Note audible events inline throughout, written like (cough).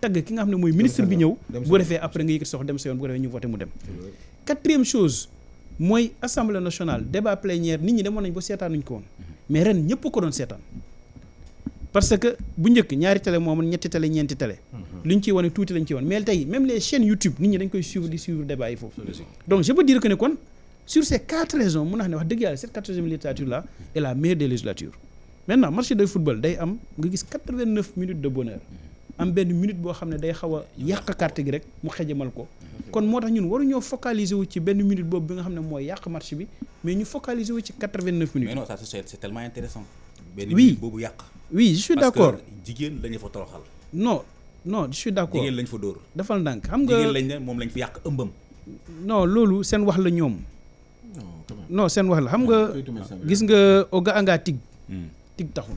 tagg ki nga xam ne mooy ministre bi ñëw bu defee après nga yëkkati sox dem sa bu ko ñu voté mu dem quatrième chose mooy assemblée nationale débat plénière nit ñi demoon nañ ba seetaanuñ ko woon mhm. mais ren ñëpp ko doon seetaan parce que bu njëkk ñaari télé moom ñetti télé ñeenti télé mhm. li ñu ciy wane tuuti lañ ciy wane mais tey même les chaînes YouTube nit ñi dañ koy suivre di suivre débat yi foofu donc je peux dire que sur ces quatre raisons am benn minute boo xam ne day xaw a yàq kart gi rek mu xejamal ko kon moo tax ñun waruñoo focaliser wu ci benn minute boobu bi nga xam ne mooy yàq match bi mais ñu focaliser wu ci quatre-vingt-neuf minutes. mais non ça c'est tellement intéressant. benn minute boobu yàq. oui je suis d'accord parce que jigéen lañu fa toroxal. non non je suis d'accord jigéen lañ fa dóor. dafal ndànk xam nga jigéen lañ ne moom lañ yàq ëmbam. non loolu seen wax la ñoom. non seen wax la xam nga gis nga oga anga tig. Hmm. tig taxul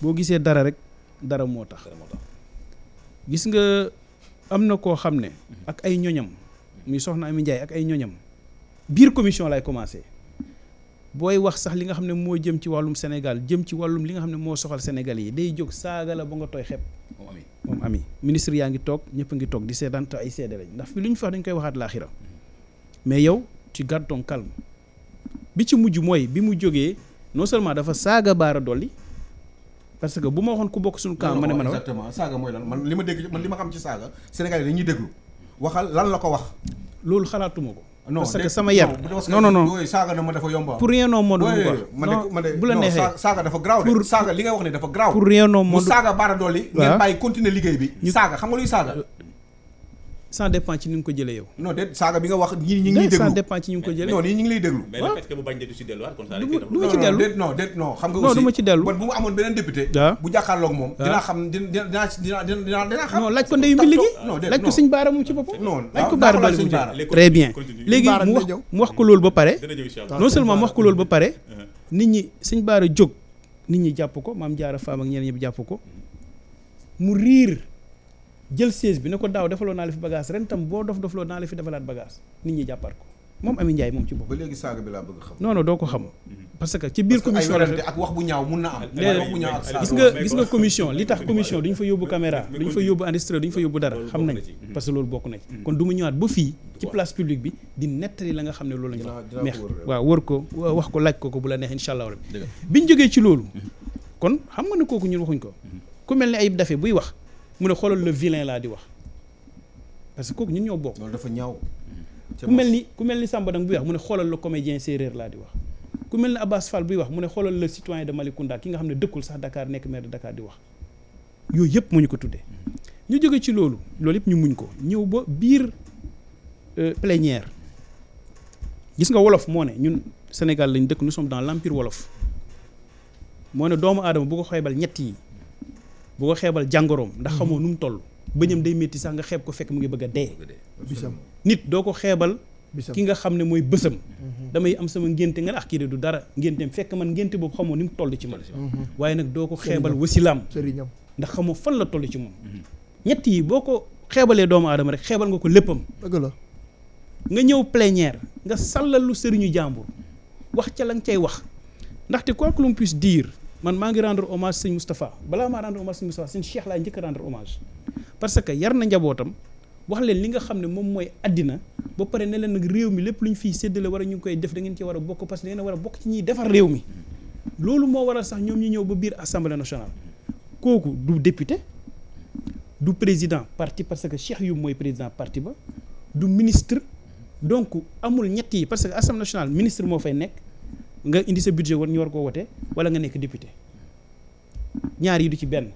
boo gisee dara rek dara moo tax. gis nga am na koo xam ne ak ay ñoñam muy soxna Ami Ndiaye ak ay ñoñam biir commission lay commencé booy wax sax li nga xam ne moo jëm ci wàllum Sénégal jëm ci wàllum li nga xam ne moo soxal Sénégal yi day jóg saaga la ba nga tooy xepp moom ami ministre yaa ngi toog ñëpp ngi toog di seddant ay seede ndax fi lu ñu fax dañ koy waxaat laaxira mais yow ci gardes ton bi ci mujj mooy bi mu jógee non seulement dafa saaga baara dolli parce que bu ma waxoon ku bokk suñu camp ne man exactement saaga man li ma dégg man li ma xam ci saaga sénégalais dañuy déglu waxal lan la ko wax loolu xalaatuma ko non sama yar non non non saaga ma dafa yomb pour rien au monde bu la neexee saaga dafa graaw de saaga li nga wax ne dafa graaw pour rien au monde saaga baara dool yi ngeen ah. bàyyi continuer liggéey bi saaga xam nga luy saaga san dépend ci ni nga ko jëlee yow. non déet saaga bi nga wax ñi ñi ñu ngi ko jëlee. non ñi ci dellu non laaj ko ndeyu mbi gi laaj ko suñ baara moom ci boppam. très bien léegi mu wax mu wax ko loolu ba pare. non seulement mu wax ko loolu ba pare. nit ñi suñ baara jóg nit ñi jàpp ko maam jaara faam ak ñeneen ñëpp jàpp ko mu riir jël siège bi ne ko daaw defaloo naa la fi bagage ren tam boo dof dofloo naa la fi defalaat bagage nit ñi jàppaat ko moom Amy Ndiaye moom ci boppam. gis nga gis nga commission li tax commission duñ fa yóbbu caméra duñ fa yóbbu enregistreur duñ fa yóbbu dara xam nañ parce que loolu bokk na ci. kon du ma ñëwaat ba fii ci place publique bi di nettali la nga xam ne loolu lañ fa neex waaw wër ko wax ko laaj ko ko bu la neex incha allah rabbi biñ jógee ci loolu kon xam nga ne kooku ñun waxuñ ko ku mel ne Ayib wax mu ne xoolal le vilain laa di wax parce que kooku ñun ñoo bokk. loolu dafa ñaaw. ku mel ni ku mel ni Samba Dang buy wax mu ne xoolal le comédien séeréer laa di wax ku mel ni Abbas Fall buy wax mu ne xoolal le citoyen de Malicounda ki nga xam ne dëkkul sax Dakar nekk maire de Dakar di wax yooyu yëpp mu ñu ko tuddee. ñu jóge ci loolu loolu yépp ñu muñ ko ñëw ba biir euh, plénière gis nga wolof moo ne ñun Sénégal lañ dëkk nous sommes dans l'empire wolof moo ne doomu aadama bu ko xeebal ñett yi. boo ko xeebal jàngoroom ndax mhm. xamoo nu mu toll bëñam day métti sax nga xeeb ko fekk mu ngi bëgg a dee nit doo ko xeebal ki nga xam ne mooy bësam mhm. damay am sama ngénte nga ne ah kii de du dara ngénteem fekk man ngénte boobu xamoo ni mu toll ci man waaye nag doo ko xeebal wasilaam ndax xamoo fan la toll ci moom mhm. ñett yi boo ko xeebalee doomu aadama rek xeebal nga ko léppam dëgg la nga ñëw plénière nga sàllalu sëriñu jàmbur wax ca la cay wax ndaxte quoi que l'on man maa ngi rendre hommage sëñ Moustapha balaa maa rendre hommage sëñ Moustapha sëñ Cheikh laa njëkk rendre hommage parce que yar na njabootam wax leen li nga xam ne moom mooy àddina ba pare ne leen nag réew mi lépp lu ñu fiy séddale war a ñu ngi koy def da ngeen ci war a bokk parce que da ngeen war a bokk ci ñiy defar réew mi loolu moo waral sax ñoom ñu ñëw ba biir assemblée nationale kooku du député du président parti parce que Cheikh Youm mooy président parti ba du ministre donc amul ñett yi parce que assemblée nationale ministre moo fay nekk nga indi sa budget woon ñu war koo wote wala nga nekk député ñaar yi du ci benn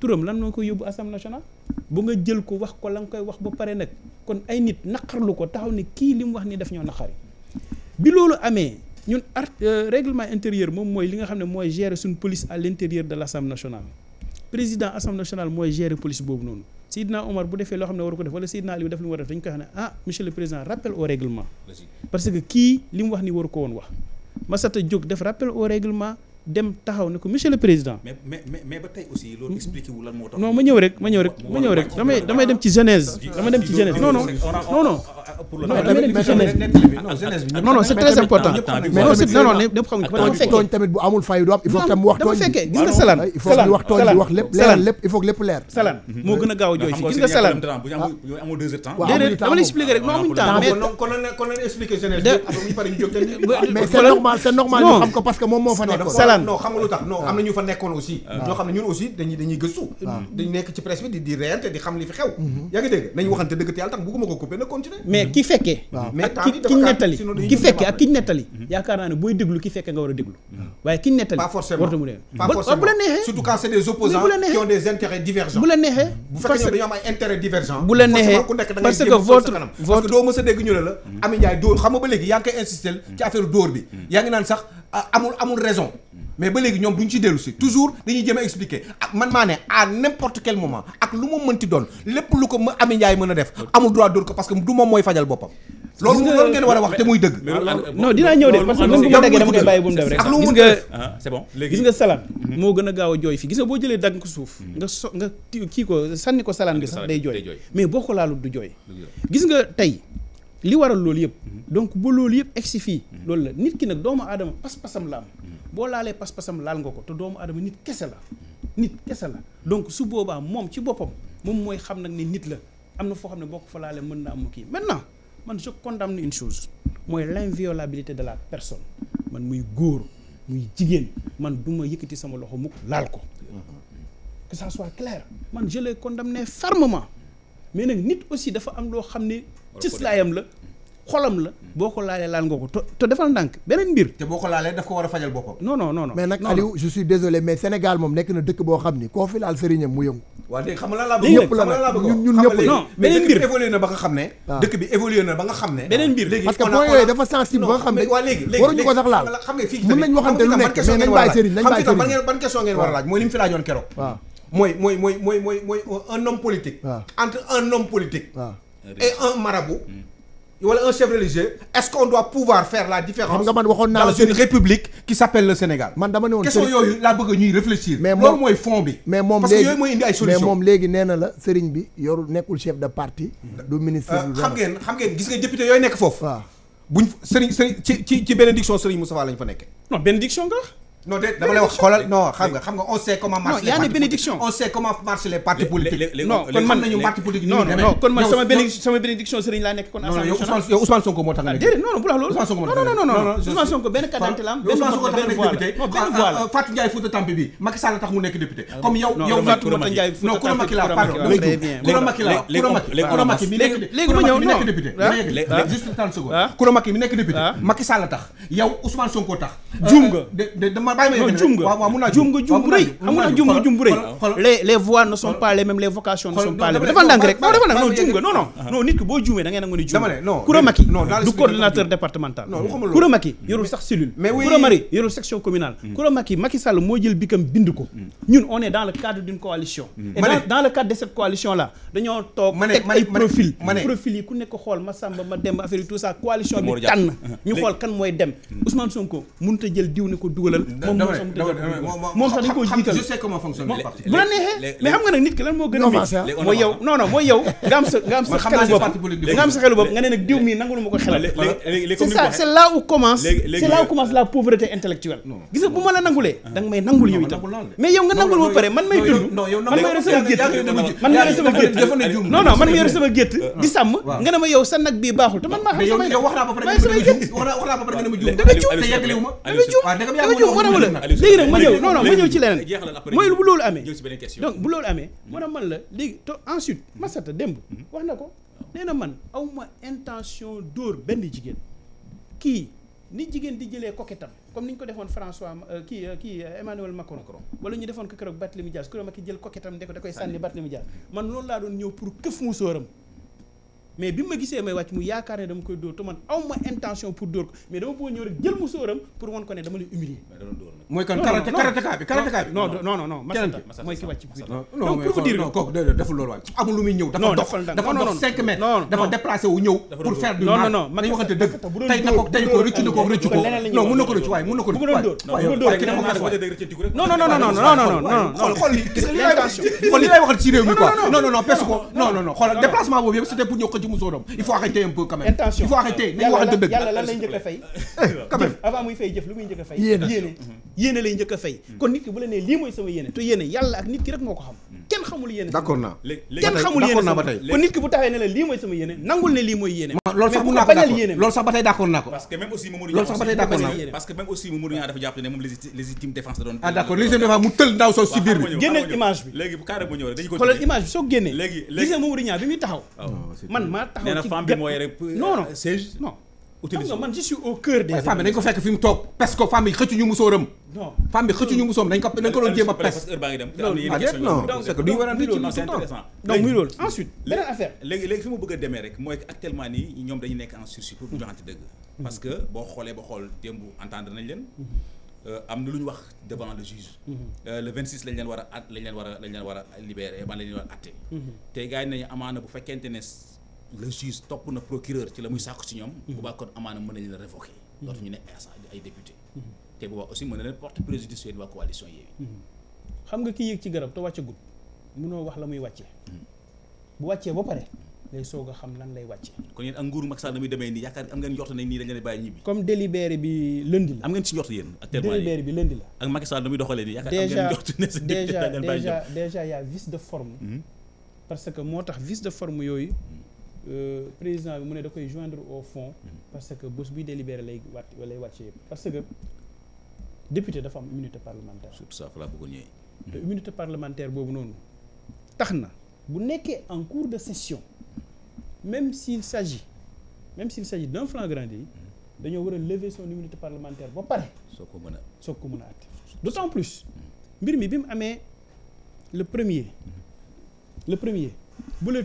turam lan moo koy yóbbu assemblée nationale bu nga jël ko wax ko la nga koy wax ba pare nag kon ay nit naqarlu ko taxaw ne kii li mu wax ni daf ñoo naqari bi loolu amee ñun art euh, nga xam ne mooy gérer suñu police à l'intérieur de l'assemblée nationale président assemblée nationale mooy gérer police boobu noonu Seydina Omar bu a def dañu koy wax ne ah monsieur que kii li mu wax ni waru ko woon wax Massata jóg def rappel au règlement dem taxaw ne ko monsieur le président. mais mais mais ba tey aussi loolu hmm? expliqué ma ñëw rek ma ñëw rek ma ñëw rek damay damay dem ci genèse. damay dem ci genèse non non pour le non non c'est très important mais non ah, ah, non non ñëpp xam nga tooñ tamit bu amul fay du am il faut tam wax tooñ fekkee gis nga salaan il faut ñu wax tooñ di wax lépp leeral lépp il faut lépp leer salaan moo gën a gaaw a jooy fii gis nga salaan bu amul deux heures temps déedéet dama lay expliquer rek moo amuñu temps mais kon kon lañ expliquer jeunesse ñu pare ñu jóg mais c'est normal c'est normal ñu xam ko parce que moom moo fa nekkoon salaan non xam nga lu tax non ah. am na ñu fa nekkoon aussi ñoo xam ne ñun aussi dañuy dañuy gëstu dañu nekk ci presse bi di di reente di xam li fi xew yaa ngi dégg nañu waxante dëgg te yàlla tax bugguma ko couper na continuer ki fekkee ak ki ki nettali ki fekkee ak ki nettali mm-hmm. yaakaar naa ne booy déglu ki fekkee nga war a déglu mm-hmm. Mm-hmm. waaye ki nettali pas mu dee bu la neexee bu la neexee bu am ay intérêts divergents la neexee parce que votre parce doo mës dégg ñu ne la Ami Ndiaye dóor xam nga ba léegi yaa ngi koy insister ci affaire dóor bi yaa ngi naan sax amul amul raison mais ba léegi ñoom duñ ci dellu si toujours dañuy jëm a expliquer ak man maa ne à n'importe quel moment ak lu mu mënti doon lépp lu ko ma Amy Ndiaye mën a def amul droit dóor ko parce que du moom mooy fajal boppam loolu loolu ngeen war a wax te muy dëgg non dinaa ñëw de parce que mën ma daggee nga ah, gis nga salaan moo gën a gaaw a jooy fii gis nga boo jëlee dagg ko suuf hmm. nga so nga kii ko sànni ko salaan bi sax day jooy mais boo ko laalut du jooy gis tey li waral loolu yëpp mhm. donc bu loolu yëpp si fii mhm. loolu la nit ki nag doomu aadama pas-pasam la mhm. boo laalee pas-pasam laal nga ko te doomu aadama nit kese la nit kese la donc su boobaa moom ci boppam moom mooy xam nag ne nit la am na foo xam ne boo ko fa laalee mën na am kii maintenant man je condamne une chose mooy l'inviolabilité de la personne man muy góor muy jigéen man du ma yëkkati sama loxo mukk laal ko que ça soit clair man je l'ai condamné mais nag nit aussi dafa am loo xam ne cëslaayam la xolam la boo ko laalee laal nga ko te te defal ndànk beneen mbir. te boo ko laalee daf ko war a fajal boppam. non non non mais nag Aliou je désolé mais Sénégal moom nekk na dëkk boo xam ni koo fi laal sëriñam mu yëngu. waaw léegi xam ne. Ah. dëkk bi évolué ne. beneen mbir léegi parce que point yooyu dafa sensible ba nga xam ne waruñu ko sax laal xam nañ waxante lu nekk mais nañ bàyyi sëriñ nañ bàyyi sëriñ ban question ngeen war a ah. laaj mooy li mu fi laajoon keroog. waaw ah. mooy mooy mooy mooy mooy un homme un homme politique et un marabout hmm. wala un chef religieux est-ce qu'on doit pouvoir faire la différence. xam nga man waxoon naa la dans une république qui s'appelle le Sénégal. man dama ne woon question yooyu laa bëgg ñuy réfléchir. mais moom loolu mooy fond bi. mais moom léegi parce la sëriñ bi yoru nekkul chef de parti. du euh, ministre du xam ngeen xam ngeen gis nga député yooyu nekk foofu. waaw buñ sëriñ sëriñ ci ci ci bénédiction sëriñ Moustapha lañ fa nekkee. non bénédiction nga. non dama lay wax xoolal non xam nga xam nga on sait bénédiction. on sait comment marchent les partis non kon man nañu parti politique non non nekk kon. Ah, mu nekk député. Ah, comme yow yow Fatou Ndiaye Fouta nekk député ah. juste 30 secondes Koura Macky mi nekk député Macky tax juum nga bàyyi ma juum nga waaw mun naa juum nga juum bu rëy xam nga juum nga juum bu rëy les les voix ne sont pas les mêmes les vocations ne sont pas les mêmes dafa ndànk rek waaw dafa ndànk non juum nga non non non nit ki boo juumee da ngay nangu ni juum Koura Macky du coordinateur départemental Koura Macky yorul sax cellule Koura Macky yorul section communale mm. Koura Macky Macky Sall moo jël bikam bind ko mm. ñun on est dans le cadre d'une coalition mm. et dans le cadre de cette coalition là dañoo toog teg ay profil profil yi ku nekk xool ma samba ma dem affaire yi tout ça coalition bi tànn ñu (laughs) xool kan mooy dem Ousmane Sonko mënut a jël diw ne ko dugalal moom moom dañ ko jiital bu la neexee mais xam nga nag nit ki lan moo gën a métti mooy yow non mooy yow (laughs) nga am sa xelu bopp nga ne nag diw mii nangu lu ma ko xelal c'est ça c'est là commence c'est là où commence la pauvreté intellectuelle gis bu ma la nangulee da nga may nangul yow mais yow nga nangul ba pare man may dund man ma yore sama gétt di ah. sàmm nga ne ma yow sa nag bii baaxul te man maa xam sama wax naa juum dama juum dama juum comprendre wala léegi nag ma ñëw non non ma ñëw ci leneen mooy bu loolu amee donc bu loolu amee moo tax man la léegi te ensuite Massata démb hmm. wax na ko nee na man awma intention dóor benn jigéen kii ni jigéen di jëlee coquetam comme ni ñu ko defoon François euh, kii euh, kii euh, Emmanuel Macron wala ñu defoon ko keroog Barthélémy Dias ma ki jël coquetam de ko da koy sànni Barthélémy Dias man loolu laa doon ñëw pour këf mu sóoram mais bi ma gisee may wàcc mu yaakaar ne dama koy dóor te man intention pour dóor ko mais dama bëgg ñëw dafa dox dafa dox 5 mètres. dafa déplacé wu ñëw. pour faire du mal non waxante dëgg. tey na ko tey ko rëccu na ko rëccu ko non mun na ko rëccu waaye mun na ko rëccu waay. bu ko déplacement boobu yëpp c'était pour ñëw ko ci musóoram il faut ah. arrêter un peu quand même intention il faut arrêter nañu waxante dëgg yàlla lan lay njëkk a fay (laughs) quand même avant muy fay jëf lu muy njëkk a fay yéene yéene mm-hmm. lay njëkk a fay mm-hmm. kon nit ki bu la nee lii mooy sama yéene te yéene yàlla ak nit ki rek moo ko xam mm-hmm. kenn xamul yéene d'accord naa kenn xamul yéene sama kon nit ki bu taxee ne la lii mooy sama yéene nangul ne lii mooy yéene loolu sax mun naa ko loolu sax ba tey d'accord naa ko parce que même aussi Mamadou loolu sax ba tey d'accord naa ko parce que même aussi Mamadou Niang dafa jàpp ne moom légitime défense la doon ah d'accord légitime défense mu tël ndaw soo si biir bi génneel image bi léegi bu carré bu ñëw rek dañu ko xoolal image bi soo génnee léegi léegi gis nga Mamadou Niang bi muy taxaw oh, man maa taxaw bi moo yore euh, non non non. utilisé man je suis au bi dañ ko fekk fi mu toog parce que femme bi xëccuñu musóoram. non femme bi xëccuñu musóoram non parce que duñ war a loolu ensuite nii ñoom nekk en sursis pour mhm. mhm. euh, am na lu ñu wax devant le juge. Mhm. Euh, le 26 lañ lañ leen war a lañ leen war a libéré ban lañ leen war a atte. te gars yi nañu amaana bu fekkente ne le juge topp na procureur ci la muy sàkku si ñoom. bu baax kon amaana mën nañu leen révoquer. dootu ñu ne ay député. te boobaa aussi mën na leen porte préjudice seen waa coalition Yewwi. xam nga kii yéeg ci garab te wàccagul mënoo wax la muy wàccee. bu wàccee boo pare lay soog a xam lan lay wàccee. kon yéen ak nguuru Macky Sall na muy demee nii yaakaar am ngeen njort nañ nii dañ leen bàyyi ñibbi. comme délibéré bi lëndi la. am ngeen si njort yéen actuellement délibéré bi (laughs) hmm. parce que moo tax vice de forme yooyu hmm. Euh, président bi mu ne da koy joindre au fond mhm. parce que bés buy délibéré lay wàcc lay wàcce yëpp parce que député dafa am immunité parlementaire surtout ça fa laa bëggoon ñëwee te immunité parlementaire boobu noonu tax na bu nekkee en cours de session même si s'agit même s'il s'agit d'un flagrant yi mhm. dañoo war a lever son immunité parlementaire ba pare soo ko mën a soo ko mën a àtte d'autant plus mhm. mbir mi bi mu amee le premier le premier bu le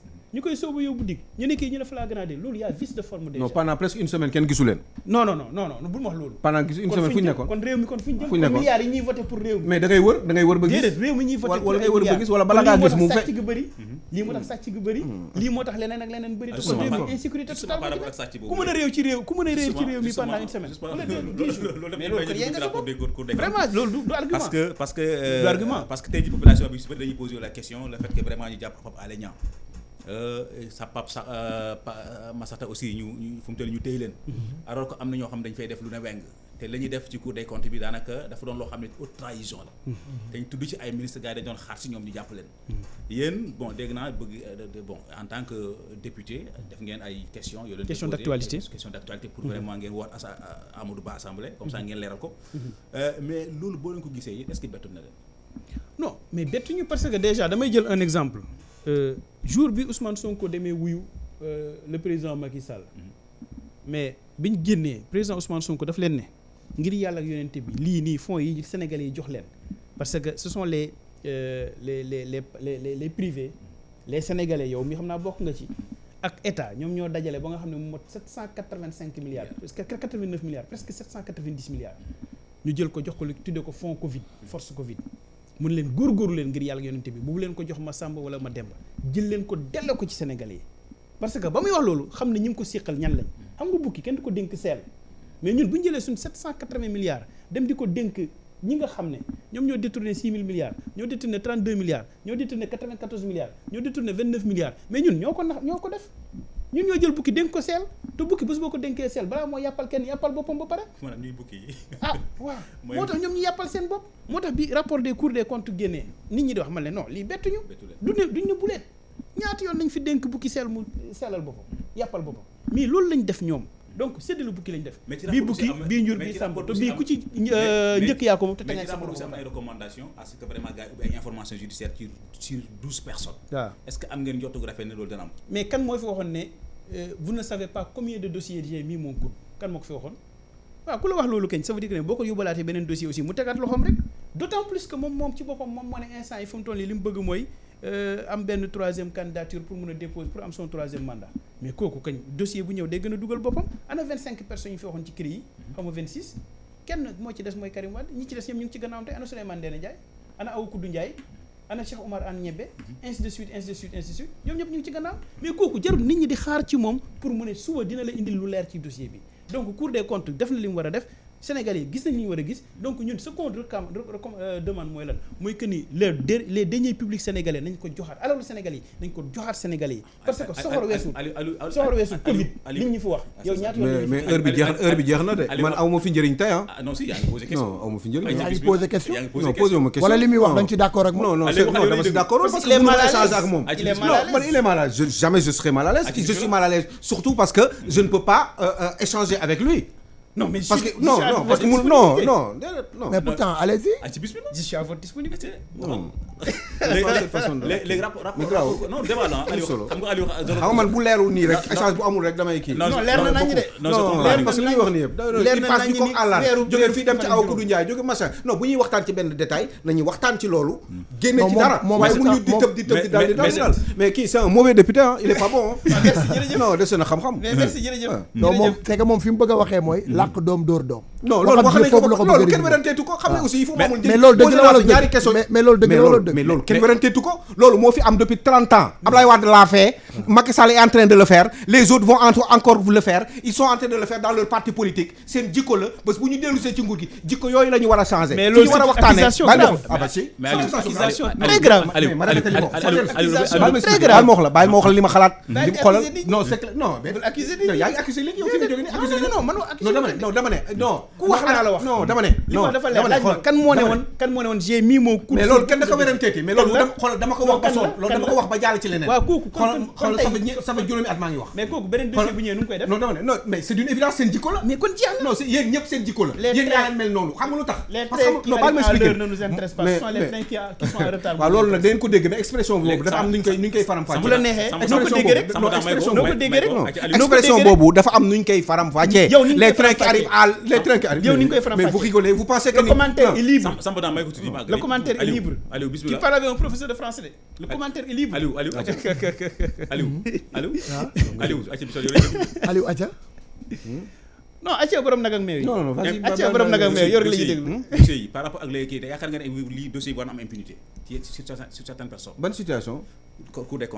ñu koy sóobu yóbbu dig ñu ne ñu ne flagrant délit loolu y a vice de forme déjà. presque une semaine kenn gisu leen. non non non non bul ma wax loolu. pendant une semaine fu ñu nekkoon kon réew mi kon fu ñu nekkoon milliards yi ñuy voté pour réew mi. mais da wër da wër ba gis. réew mi ñuy voté pour ay milliards wala ngay wër ba gis wala bala ngaa gis mu fekk lii moo tax sàcc gi bëri. Mm-hmm. lii moo tax leneen ak leneen bëri. te kon réew Euh, sa pap sa euh, euh, Masata aussi ñu ñu fu ñu téy leen. Mhm. alors que am na ñoo xam dañ fay def lu ne weng. te la def ci cour des comptes bi daanaka dafa doon loo xam ne haute trahison la. dañ mhm. tudd ci ay ministres gars yi dañ doon xaar si ñoom ñu jàpp leen. Mhm. yéen bon dégg naa bëgg en tant que député def ngeen ay questions. yoo leen question d'actualité question d'actualité pour vraiment ngeen woote asa Amadou Ba assemblée. comme ça ngeen leeral ko. mais loolu boo leen ko gisee est-ce que bettu na leen. non mais bettuñu parce que déjà damay jël un exemple. Euh, jour bi Ousmane Sonko demee wuyu euh, le président Macky Sall mais biñ génnee président Ousmane Sonko daf leen ne ngir yàlla ak yonente bi lii nii fonds yi Sénégalais yi jox leen parce que ce sont euh, les les les les les les privés les sénégalais yow mi xam naa bokk nga ci ak état ñoom ñoo dajale ba nga ñu jël ko jox ko lu tuddee ko fonds Covid force Covid. mun leen góorgóorlu leen ngir yàlla yonente bi bu leen ko jox ma sàmba wala ma demba jël leen ko delloo ko ci sénégalais yi parce que ba muy wax loolu xam ne ñi ngi ko siqal ñan lañ xam nga bukki kenn du ko dénk seel mais ñun bu ñu jëlee suñ 780 milliards dem di ko dénk ñi nga xam ne ñoom ñoo détourné 6 000 milliards ñoo détourné 32 milliards ñoo détourné 94 milliards ñoo détourné 29 milliards mais ñun ñoo ko def ñun ñoo jël bukki dénk ko seel te bukki bés boo ko dénkee seel balaa moo yàppal kenn yàppal boppam ba pare. maanaam ñuy bukki yi. (laughs) ah waaw (laughs) moo tax ñoom ñu yàppal seen bopp. moo tax bi rapport des cours des comptes génnee nit ñi di wax man leen non lii bettuñu. du ne duñ ne buleen ñaata yoon lañ fi dénk bukki seel mu seelal boppam yàppal boppam mais loolu lañ def ñoom donc séddale bukki lañ def. bii bukki bii njur bii sàmm te bii ku ci euh, njëkk yaa ko moom te tey nga mais ci am ay recommandation à ce que vraiment gars yi ubbi ay information judiciaire ci sur douze personnes. waaw est ce que am ngeen jottug rafet ne loolu dana am. mais kan mooy fi waxoon ne euh, vous ne savez pas combien de dossiers j'ai mis mon coude kan moo ko fi waxoon waaw ku la wax loolu kañ ça veut dire que ne boo ko yóbbalaatee beneen dossier aussi mu tegaat loxoom rek d' autant plus que moom moom ci boppam moom moo ne instant yi fu mu toll nii li mu bëgg mooy Euh, am benn troisième candidature pour mun a déposer pour am son troisième mandat mais kooku kañ dossier bu ñëw day gën a dugal boppam ana 25 personnes yi fi waxoon ci CREI yi. xam nga 26 kenn moo ci des mooy Karim ñi ci des ñoom ñëpp ñu ngi ci gànnaaw mais kooku jarul nit ñi di xaar ci moom pour mu ne suba dina la indil lu leer ci dossier bi donc Cour des comptes def na li mu war a def. Sénégalais yi gis nañ ñu war a gis donc ñun ce qu'on euh, demande mooy lan mooy que ni les les deniers publics sénégalais nañ ko joxaat alalu Sénégalais yi nañ ko joxaat Sénégalais yi. parce que soxor weesul soxor weesul Covid li ñu fi wax. mais heure bi jeex heure bi jeex na de man aw ma fi njëriñ tey ah. ah. non si yaa ngi posé question fi njëriñ. Ah, yaa ngi posé question non posé wu ma question. wala li muy wax dañ ci d' accord ak moom. non non non dama si d' que mënu ma échange non mais parce que non non parce que mu non non non. mais pourtant allez-y. Ah, je suis à (laughs) man euh, bu leerul nii rek échange bu amul rek damay kii. non leer na nañu de. wax nii yëpp. leer na nañu ni leerul jóge fii dem ci aw Kudu Ndiaye jóge machin non bu ñuy waxtaan ci benn détail nañu waxtaan ci loolu. Hmm. génne ci dara waaye mu ñu di tëb di tëb di daal di daal mais kii c'est mauvais député ah il est pas bon. (laughs) non des na xam-xam. Ah. non moom c'est moom fi mu bëgg a waxee mooy làq doom dóor doom non loolu wax nañ ko loolu kenn weranteetu ko xam ne aussi il faut moomul mais loolu dëgg la wala ñaari question mais loolu dëgg la wala dëgg mais loolu kenn weranteetu ko loolu moo fi am depuis 30 ans Abdoulaye Wade l'a fait Macky Sall est en train de le faire les autres vont encore le faire ils sont en train de le faire dans leur parti politique seen jikko la bés bu ñu dellusee ci nguur gi jikko yooyu la ñu war a changer mais loolu war a waxtaanee ah ba si mais accusation très grave très grave ma wax la bàyyi ma wax la li ma xalaat li xoolal non c'est non yaa ngi accusé léegi yow fi nga jóge ni accusé non man non dama ne non ku wax laa la wax non dama ne. non dafa leer laaj ma kan moo ne woon kan moo ne woon j'ai mis mon coup. mais loolu kenn da ko wéram teeti mais loolu xool dama ko wax ba sool loolu dama ko wax ba jàll ci leneen. waaw kooku kon kon tey xool sama juróomi at maa ngi wax. mais kooku beneen dossier bu ñëwee nu mu koy def. non dama ne non mais c'est d'une évidence seen jikko la. mais kon jeex na non c'est yéen ñëpp seen jikko la. yéen yaa leen mel noonu xam nga lu tax. parce que non baal ma expliquer ne nous intéresse pas ce sont les trains qui sont en retard. waaw loolu nag dañ ko dégg mais expression boobu dafa am nuñ koy nuñ koy faram-fàccee. bu la neexee noo ko déggee rek noo ko déggee rek non expression boobu dafa am nuñ koy faram-fàccee les trains qui arrivent à les trains yow ni nga koy faram-fàccee mais vous rigolez vous pensez libre Samba Dame may ko tudd professeur de français de le commentaire est libre Aliou Aja Aliou Aja (laughs) ah. ah. ah. hmm? non acca borom nag ak meew yi non non vas-y acca borom ak la ñuy déglu hmm? dossier yi par nga ne lii dossier yi war na am impunité ci sur certaines personnes ban situation cour des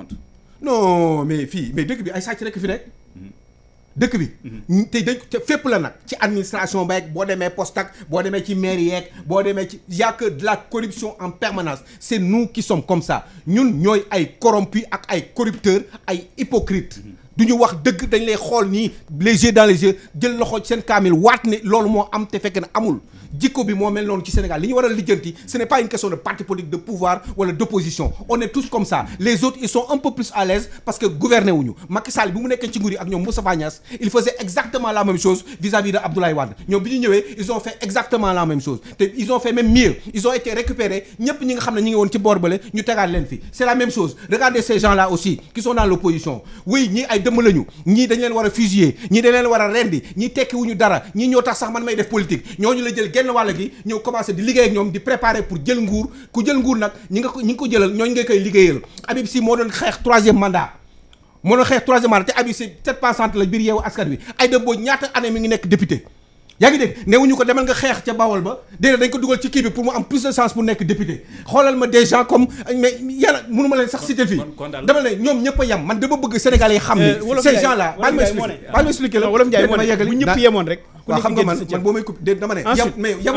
mais fii mais dëkk bi ay sàcc rekk fi nekk hmm. dëkk bi. Mm-hmm. te dañ te fépp la nag ci administration beeg boo demee poste boo demee ci mairie yeeg boo demee ci y a de la corruption en permanence c'est nous ki sommes comme ça ñun ñooy ay corrompus ak ay corrupteurs ay hypocrites. Mm-hmm. du ñu wax dëgg dañ lay xool nii les yeux dans les yeux jël loxo seen kaamil waat ne loolu moo am te fekk na amul jikko bi moo mel noonu ci Sénégal li ñu war a lijjanti ce n'est pas une question de parti politique de pouvoir wala d'opposition on est tous comme ça les autres ils sont un peu plus à l'aise parce que gouverner wuñu Macky Sall bi mu nekkee ci nguur ak ñoom Moustapha Niasse il faisait exactement la même chose vis-à-vis de Abdoulaye Wade ñoom dëmm lañu ñii dañ leen war a fusiller ñii dañ leen war a rendi ñii tekkiwuñu dara ñii ñoo tax sax man may def politique ñooñu la jël genn wàll bi ñëw commencé di liggéey ñoom di préparer pour jël nguur ku jël nguur nag ñi nga ko ñi nga ko jëlal ñooñu nga koy liggéeyal Habib Sy moo doon xeex troisième mandat moo doon xeex troisième mandat te Habib Sy sept pour la biir yeewu askan wi ay dem boo ñaata année mi ngi nekk député yaa ngi dégg newuñu ko demal nga xeex ca Bawol ba déedéet dañ ko dugal ci kii bi pour mu am plus de chance pour nekk député xoolal ma des gens comme mais yàlla mënu leen sax cité fii demal ne ñoom ñëpp a yam man dama bëgg sénégalais yi xam ni eh, ces gens là baal ma expliqué baal ma expliqué la wolof Njaay ma yeggali bu ñëpp yemoon rek waaw xam nga man man boo may coupé déedéet dama ne yam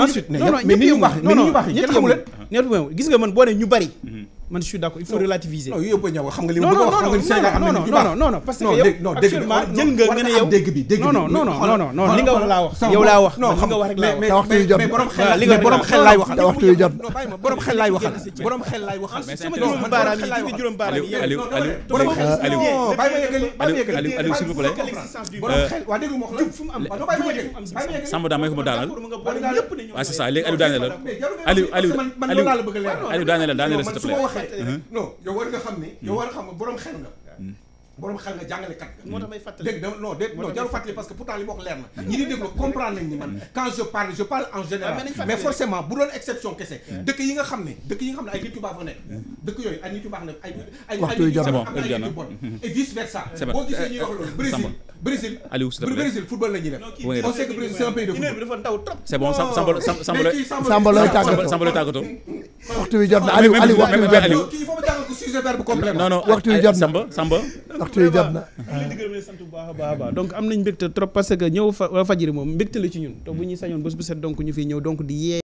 mais mais ni ñu mais ni ñu wax yi kenn xamu ñu bari mm-hmm. man je suis d'accord il faut relativiser. non yooyu yëpp ñaw xam nga li ma bëgg a wax. xam nga ni Sénégal am nañu ju baax non non non parce que yow actuellement jël nga nga ne yow dégg bi dégg bi. non non non non non li nga wax laa wax. yow laa wax non li nga wax rek laa wax. mais mais mais borom xel li nga borom xel laay waxal. waxtu yu jot borom xel laay waxal. borom xel laay waxal. mais sama juróom baaraam yi ci juróom baaraam yi. Aliou Aliou borom xel Aliou bàyyi ma yëgali bàyyi ma yëgali. Aliou Aliou s'il vous plaît. borom xel waa dégg ma wax fu mu am bàyyi ma yëgali. Samba daa may ko ma daanal. waaw c'est ça léegi Aliou daane la. Aliou Aliou Aliou daane la daane la s'il te plaît. fàttali rek uh-huh. non yow war nga xam ne yow hmm. war nga xam ne borom xel nga hmm. borom xel nga jàngalekat nga moo tax may jarul fàttali parce que pourtant li ma wax leer na hmm. ñi di déglu comprendre nañ ni man quand je parle je parle en général ah, mais forcément bu doon exception kese dëkk yi nga xam ne dëkk yi nga xam ne ay nit baax nekk dëkk yooyu ay nit yu baax nekk ay ay bon vice versa boo gisee ñuy wax loolu eh, eh, Brésil Brésil Aliou s'il te plaît Brésil football la ñuy def. on sait que Brésil football. dafa taw trop. bon Samba Samba tàggatoo waxtu wi jot na Aliou Aliou waxtu wi jot non non waxtu wi jot na Samba Samba. waxtu wi jot na. a a donc am nañ mbégte trop parce que ñëw fa Walfadjri moom mbégte ci ñun. te bu sañoon bu set donc ñu fiy ñëw donc di yee.